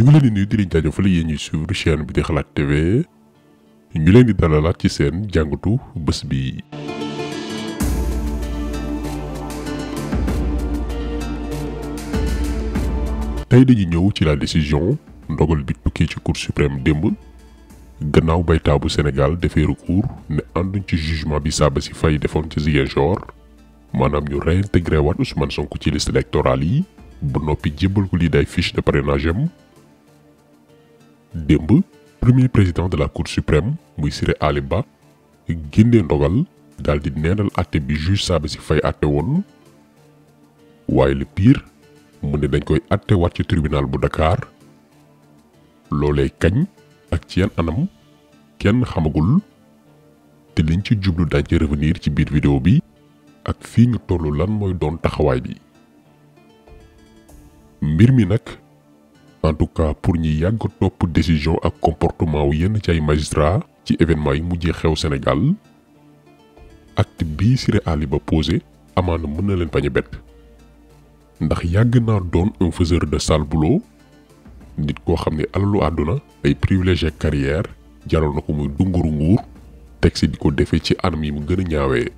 ñu leen di nuyu di leen jaajëfal yéen ñuy suivre bi di xalaat TV ñu leen di dalalaat ci seen jàngatu bés bi. tey dañu ñëw ci la décision ndogal bi tukkee ci cour suprême démb gannaaw baytaa bu senegal defee recours ne ànduñ ci jugement bi si Faye defoon ci Ziguinchor maanaam ñu réintégré waat Ousmane Sonko ci list électorale yi bu noppi jébbal ko lii day fiche de parrainage am démb premier président de la cour suprême muy Siré Ali Ba génnee ndogal daal di neenal àtte bi juge Sabassy Faye àtte woon waaye le pire mu ne dañ koy àtte waat ci tribunal bu Dakar loolee kañ ak ci yan anam kenn xamagul te liñ ci jublu dañ ci revenir ci biir vidéo bi ak fii ñu tollu lan mooy doon taxawaay bi mbir mi nag en tout cas pour ñi yàgg topp décision ak comportement wu yenn ci ay magistrat ci événement yi mujjee xew senegal acte bii Siré Ali Ba posé amaana mën na leen bañ a bett ndax yàgg naa doon un faiseur de sale boulot nit koo xam ne alalu àdduna ay privilégié carrière jaral na ko muy dunguru nguur teg si di ko defee ci anam yi mu gën a ñaawee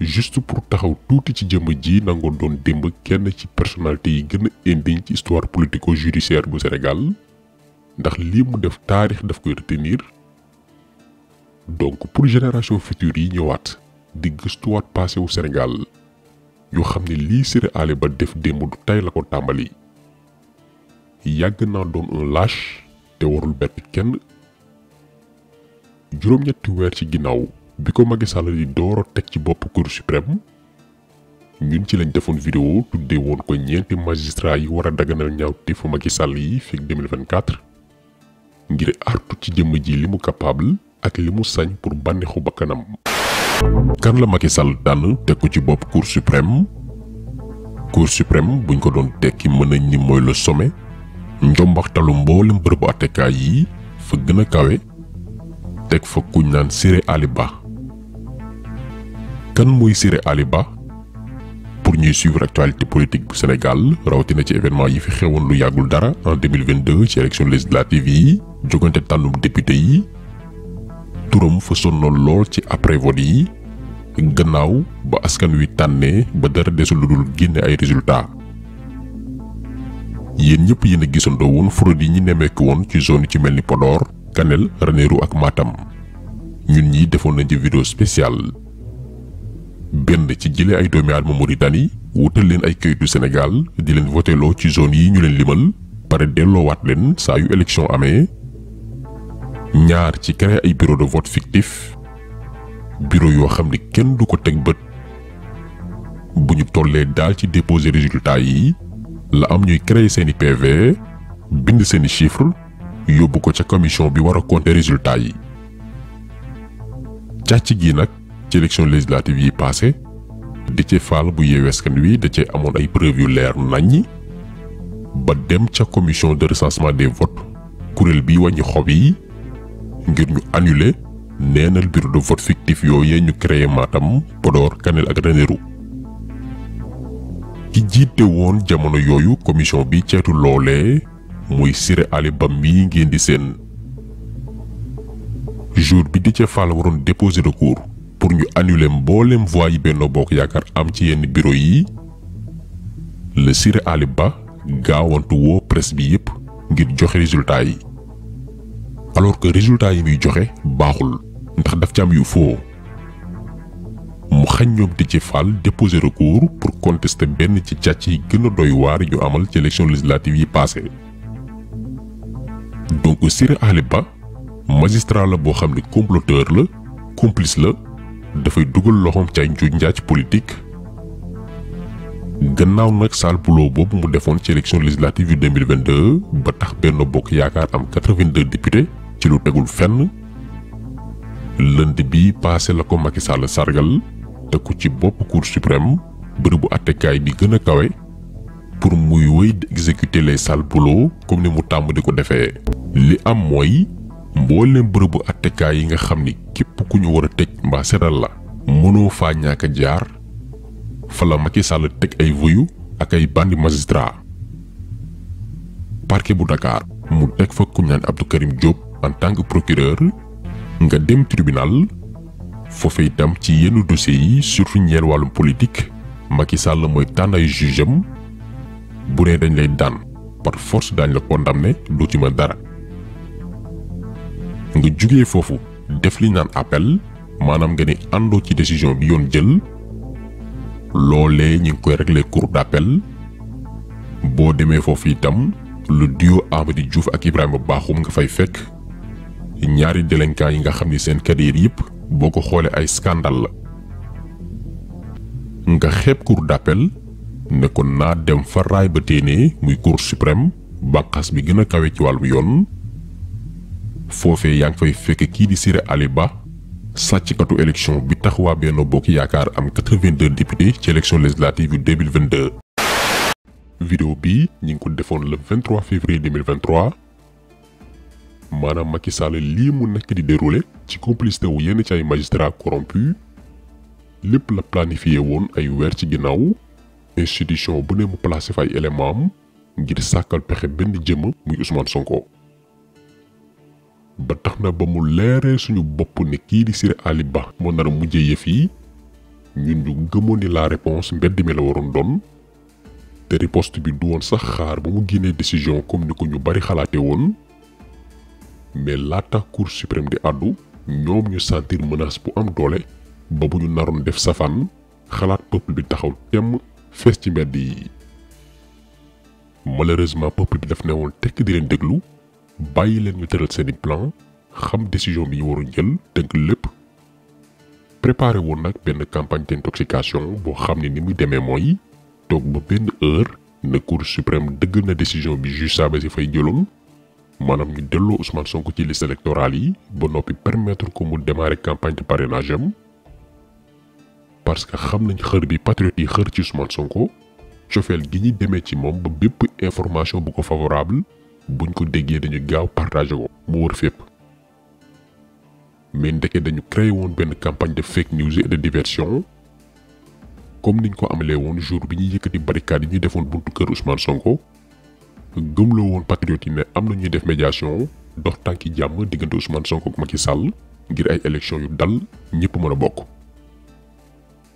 juste pour taxaw tuuti ci jëmm ji nangoo doon démb kenn ci personnalité yi gën a ci histoire politico judiciaire bu senegal ndax lii mu def taarix daf koy retenir donc pour génération future yi ñëwaat di gëstuwaat passé wu Sénégal ñu xam ne lii Siré Ba def démb du tey la ko tàmbali yàgg naa doon un lâche te warul bett kenn juróom-ñetti weer ci ginnaaw. biko ko Sall di door tek ci bop cour suprême ñun ci lañ defone vidéo tuddee won ko ñent magistrat yi Sall yi 2024 ngir artu ci jëm ji limu mu capable ak limu sañ pour bànneexu bakanam kan la Macky Sall tànn tek ko ci bop cour suprême cour suprême buñ ko don tek mën ni moy le sommet njombaxtalu mbolim atekay yi fa gëna kawé kawe fa kuñ nan Siré Ali kan mooy Siré Ali Ba pour ñuy suivre actualité politique bu Sénégal rawatina ci événement yi fi xewoon lu yàggul dara en 2022 ci élection législative yi jogante tànnum député yi turam fa sonnoon lool ci après vote gannaaw ba askan wi tànnee ba dara desul lu dul génne ay résultat yéen ñëpp yéen a gisandoo woon fraude yi ñi nemmeeku woon ci zone yi ci mel ni Podor Kanel Ranérou ak maatam ñun ñi defoon na ci vidéo spéciale benn ci jëlee ay doomi aadama Mauritanie wutal leen ay kayitu senegal di leen voteloo ci zone yi ñu leen limal pare delloowaat leen saa yu élection amee ñaar ci créer ay bureau de vote fictif bureau yoo xam ne kenn du ko teg bët bu ñu tollee daal ci déposer résultats yi la am ñuy créer seeni PV bind seeni chiffre yóbbu ko ca commission bi war a compter yi càcc gi nag ci élection législative yi di Déthié Fall bu Yewwi Askan Wi da cee amoon ay preuve yu leer naññi ba dem ca commission de recensement des votes kuréel bi wàññi xob yi ngir ñu annuler neenal bureau de vote fictif yooyu ñu créé Matam Podor Kanel ak Ranérou ki jiite woon jamono yooyu commission bi ceetu loolee muy Siré Ali Bam ngeen di seen jour bi di Déthié Fall waroon de recours pour ñu annuler mboolem voix yi Benno Bokk Yaakaar am ci yenn biro yi le Siré Ali Ba gaawantu woo presse bi yépp ngir joxe résultat yi alors que résultat yi muy joxe baaxul ndax daf ci am yu faux mu xañ ñoom Déthié Fall déposer recours pour contester benn ci ca yi gën a doy waar ñu amal ci élection législative yi passé donc Siré Ali Ba magistrat la boo xam ne comploteur la complice la dafay dugal loxoom ca njuuj njaaj politique gannaaw nag sale boulot boobu mu defoon ci élection législative yu ba tax benn Bokk Yaakaar am 82 députés ci lu tegul fenn lënd bi passé la ko Macky Sall sargal te ku ci bopp cour suprême bërëbu àttekaay bi gën a kawe pour muy wéy di exécuter les sales boulots comme ni mu tàmm di ko defee li am mooy mboolem bërëbu attekaay yi nga xamni ni képp ku ñu war a mba mbaa la mëno fa ñaka jaar fa la Macky Sall teg ay vuyu ak ay bandi magistrat Parke bu Dakar mu teg fa ku ñaan Abdou Karim Diop en tant que procureur nga dem tribunal foofee tam ci yenn dossier yi surtout ñeel walum politique Macky Sall moy tànn ay bu né dañ lay daan par force dañ la condamné du ci ma dara nga jugee Fofu, def li nane appel manam nga ni ando ci décision bi yon djel lolé ñi ngi koy réglé cour d'appel bo démé fofu itam le duo Amady Diouf ak Ibrahim Bakhoum nga fay fekk ñaari délinquant yi nga xamni seen carrière yëpp boo ay scandale la nga xép cour d'appel ne ko na dem fa raay ba téné muy cour suprême bànqaas bi gëna kawé ci walu yoon foofee yaa ngi fay fekk kii di Siré Ali Ba sàcckatu élection bi tax waa Benno Bokk Yaakaar am 82 députés ci élection législative yu 2022. vidéo bi ñu ngi ko defoon le 23 février 2023 maanaam Macky Sall lii mu nekk di déroulé ci complicité wu yenn ci ay magistrats corrompus lépp la planifié woon ay weer ci ginnaaw institution bu ne mu placé fay élément am ngir sàkkal pexe benn jëmm muy Ousmane Sonko. ba taxna ba mu léré suñu bop ni ki di sir Ali Ba mo na a mujjee yëf yi ñun ñu gëmoni la réponse mbéd mi la waron doon té riposte bi du won sax xaar ba mu guiné décision comme ni ko ñu bari xalaté won mais ta cour suprême di àddu ñom ñu sentir menace bu am doolé ba bu ñu naron def safan xalaat peuple bi taxaw tém fess ci mbéd yi malheureusement peuple bi daf néwon tek di len déglu bàyyi leen ñu tëral seeni plan xam décision bi ñu war a jël tënk lépp préparé woon nag benn campagne d'intoxication boo xam ne ni muy demee mooy toog ba benn heure na cour suprême dëgg na décision bi juge Sabassy Faye jëloon maanaam ñu delloo Ousmane Sonko ci liste électorale yi ba noppi permettre ko mu démarrer campagne de parrainage am parce que xam nañ xër bi patriote yi xër ci Ousmane Sonko cofeel gi ñuy demee ci moom ba bépp information bu ko favorable buñ ko déggee dañuy gaaw partagé ko mu wër fépp mais ndeke dañu créé woon benn campagne de fake news et de diversion comme niñ ko amelee woon jour bi ñuy yëkkati barricade yi ñu defoon buntu kër Ousmane Sonko gëmloo woon patriote yi ne am na ñuy def médiation dox tànki jàmm diggante Ousmane Sonko ak Macky Sall ngir ay élection yu dal ñëpp mën a bokk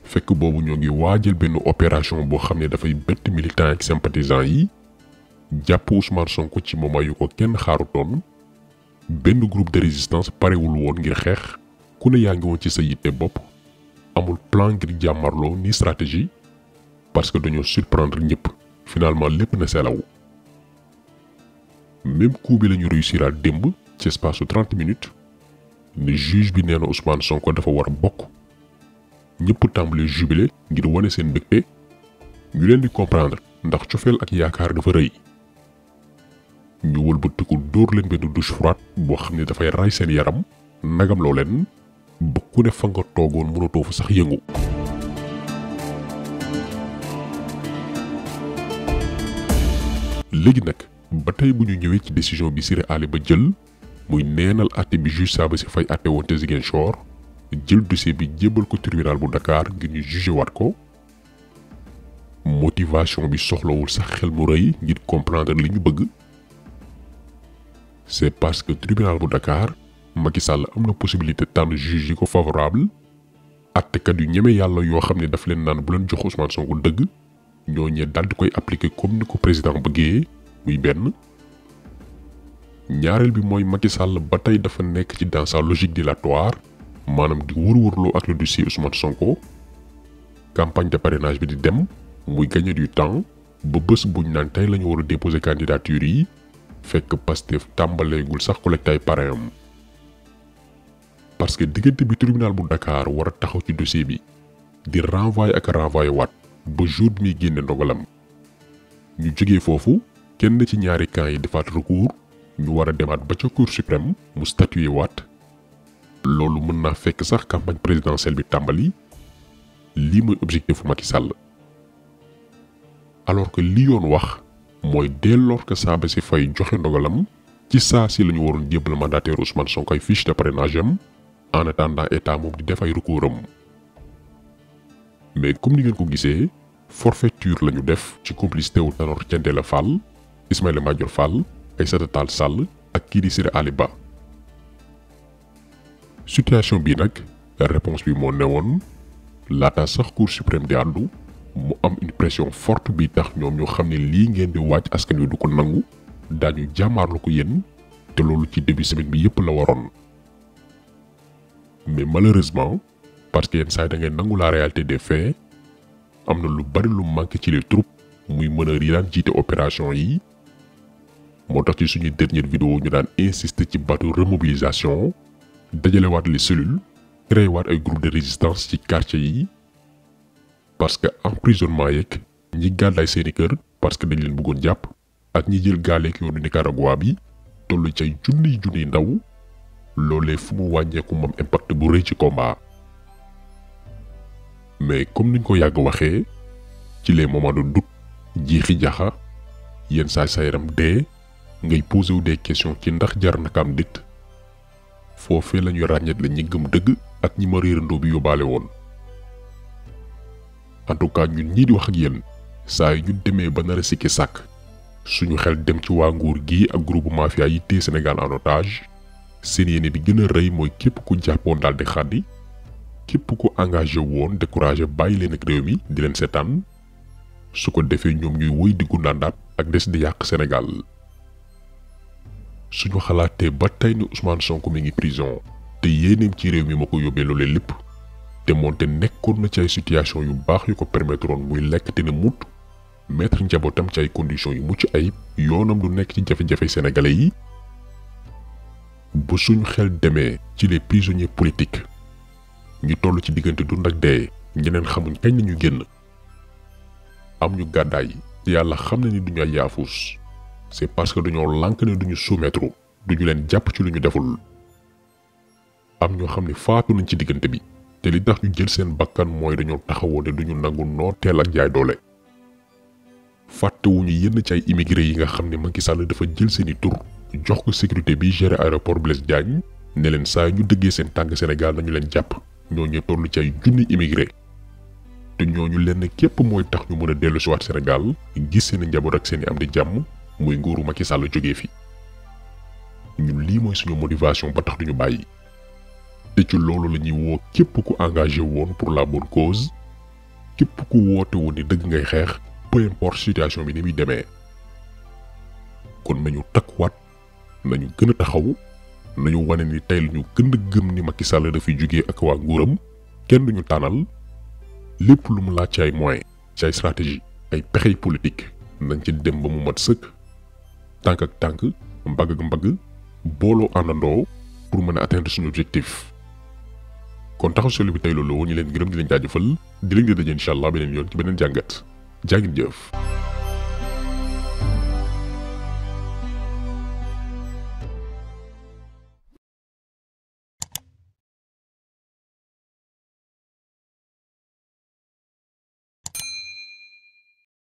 fekk boobu ñoo ngi waajal benn opération boo xam ne dafay bett militant ak sympathisant yi jàpp Ousmane Sonko ci moment yu ko kenn xaarutoon benn groupe de résistance parewul woon ngir xeex ku ne yaa ngi woon ci sa yitte bopp amul plan ngir jàmmarloo ni stratégie parce que dañoo surprendre ñëpp finalement lépp na selaw même coup bi la ñu réussir démb ci espace su 30 minutes juge bi nee na Ousmane Sonko dafa war a bokk ñëpp tàmbali jubilé ngir wone seen mbégte ñu leen di comprendre ndax cofeel ak yaakaar dafa rëy. ñu wëlbatiku dóor leen benn douche froide boo xam ne dafay raay seen yaram nagam loo leen ba ku ne fa nga toogoon mënatoo fa sax yëngu. léegi nag ba tey bu ñu ñëwee ci décision bi Siré Ali ba jël muy neenal àtte bi juge Sabassy Faye àtte woon te Ziguinchor jël dossier bi jébbal ko tribunal bu Dakar ngir ñu jugé waat ko motivation bi soxlawul sax xel mu rëy ngir comprendre li ñu bëgg. c'est parce que le tribunal de Dakar Macky Sall am na possibilité tànn juge ko favorable attekat yu ñeme yàlla yoo xam ne daf leen naan bu leen jox Ousmane Sonko dëgg ñooñee daal di koy appliquer comme ni ko président bëggee muy benn ñaareel bi mooy Macky Sall ba tey dafa nekk ci dans sa logique dilatoire manam di wër-wërloo ak le dossier Ousmane Sonko campagne de parrainage bi di dem muy gagner du temps ba bés buñ naan tey la ñu déposer candidature yi fekk Pastef tàmbaleegul sax collecte lek tay am parce que digënté bi tribunal bu Dakar wara taxaw ci dossier bi di renvoyer ak renvoyer wat ba jour mi muy ndogalam ñu jógee foofu kenn ci ñaari camps yi defaat recours ñu wara a ba ci cour suprême mu statuer wat lolu mën fekk sax campagne présidentielle bi tambali li moy objectif Macky Sall alors que li yoon wax. mooy dès lors que si Faye joxe ndogalam ci saa si la ñu waroon jébbal mandataire Ousmane Sonko ay fiche de parrainage am en attendant état moom di def ay recours mais comme ni ngeen ko gisee forfaiture la ñu def ci complicité wu Tanor Thiendella Fall Ismaïla Madior Fall Aïssata Tall Sall ak kii di Siré Ali Ba situation bii nag réponse bi moo newoon laata sax cour suprême di àddu mu am une forte bi tax ñoom ñoo xam ne lii ngeen di waaj askan wi du ko nangu daañu jàmmaarlu ko yéen te loolu ci début semaine bi yëpp la waroon mais malheureusement parce que yenn saa yi da ngay nangu la réalité des faits am na lu bari lu manqué ci les troupes muy meneur yi daan jiite opération yi moo tax ci suñu dernière vidéo ñu daan insister ci baatu remobilisation dajalewaat les cellules créé waat ay groupe de résistance ci quartier yi parce que en emprisonnement yeeg ñi gàddaay seeni kër parce que dañ leen bëggoon jàpp ak ñi jël gaaleek yoonu Nicaragua bi toll cay junniy junniy ndaw loolee fu mu wàññeeku moom impact bu rëy ci combat mais comme niñ ko yàgg waxee ci les moments de doute jiixi jaxa yenn saa sa yaram dee ngay posé wu des questions ci ndax jar na kaam dit foofee la ñuy ràññet la ñi gëm dëgg ak ñi ma réerandoo bi yóbbaale woon. en tout cas ñun ñii di wax ak yéen saa yu ñu demee ba nar a sikki sàkk suñu xel dem ci waa nguur gi ak groupe mafia yi téye Sénégal en otage seen yéene bi gën a rëy mooy képp ku jàppoon daal di xaddi képp ku engagé woon découragé bàyyi leen ak réew mi di leen seetaan su ko defee ñoom ñuy woy di gundaandaat ak des di yàq Sénégal suñu xalaatee ba tey ni Ousmane Sonko mi ngi prison te yéeneem ci réew mi moo ko yóbbee loolee lépp. te moonte nekkoon na ci ay situation yu bax yu ko permettre won muy lek té ne mut maître njabotam ci ay condition yu mucc ayib yonam du nekk ci jafé jafé sénégalais yi bu suñu xel démé ci les prisonniers politiques ñu tollu ci digënté dund ak dé ñeneen xamuñ kañ lañu ñu am ñu gaday yalla xam na ni duñu yaafus c'est parce que duñu lank ne duñu soumettre duñu len japp ci luñu deful am ñu xamni faatu nañ ci digënté bi té li tax ñu jël seen bakkan mooy dañoo taxawoo ne duñu nangu nooteel ak jaay doole wuñu yenn ci ay immigré yi nga xam ne Macky Sall dafa jël seeni tur jox ko sécurité bi géré aéroport Blaise Diagne ne leen saa ñu dëggee seen tànk Sénégal nañu leen jàpp ñu toll ci ay junni immigré te ñooñu lenn képp mooy tax ñu mën a dellu siwaat Sénégal gis seen njaboot ak seen i am di jàmm muy nguuru Macky Sall jógee fi ñun lii mooy suñu motivation ba tax duñu bàyyi te ci loolu la ñuy woo képp ku engagé woon pour la bonne cause képp ku woote woon ni dëgg ngay xeex peu importe situation bi ni muy demee kon nañu takkuwaat nañu gën a taxaw nañu wane ni tey lu ñu gën a gëm ni Macky Sall dafay jugee ak waa nguuram kenn ñu tànnal lépp lu mu laaj ci ay moyens ci ay stratégie ay pexey politique nañ ci dem ba mu mat sëkk tànk ak tànk mbagg ak mbagg booloo àndandoo pour mën a atteindre suñu objectif kon taxaw seetlu bi tey loolu ñu leen gërëm di leen jaajëfal di leen di daje incha allah beneen yoon ci beneen jàngat jaa jëf